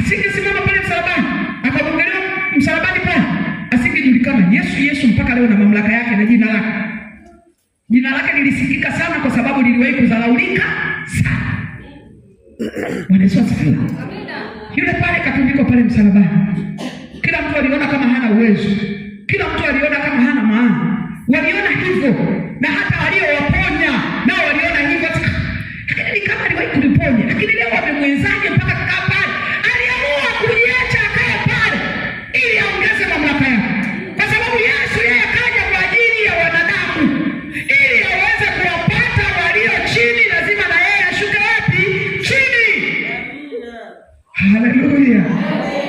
Asingesimama pale msalabani, akagongelewa msalabani pale, asingejulikana Yesu Yesu mpaka leo na mamlaka yake na jina lake. Jina lake lilisikika sana kwa sababu liliwahi kudharaulika sana. Bwana Yesu asifiwe. Yule pale katundikwa pale msalabani. Kila mtu aliona kama hana uwezo. Kila mtu aliona kama hana maana. Waliona hivyo na hata waliowaponya nao waliona hivyo. Lakini kama aliwahi kuliponya, lakini leo wamemwenzaje Hallelujah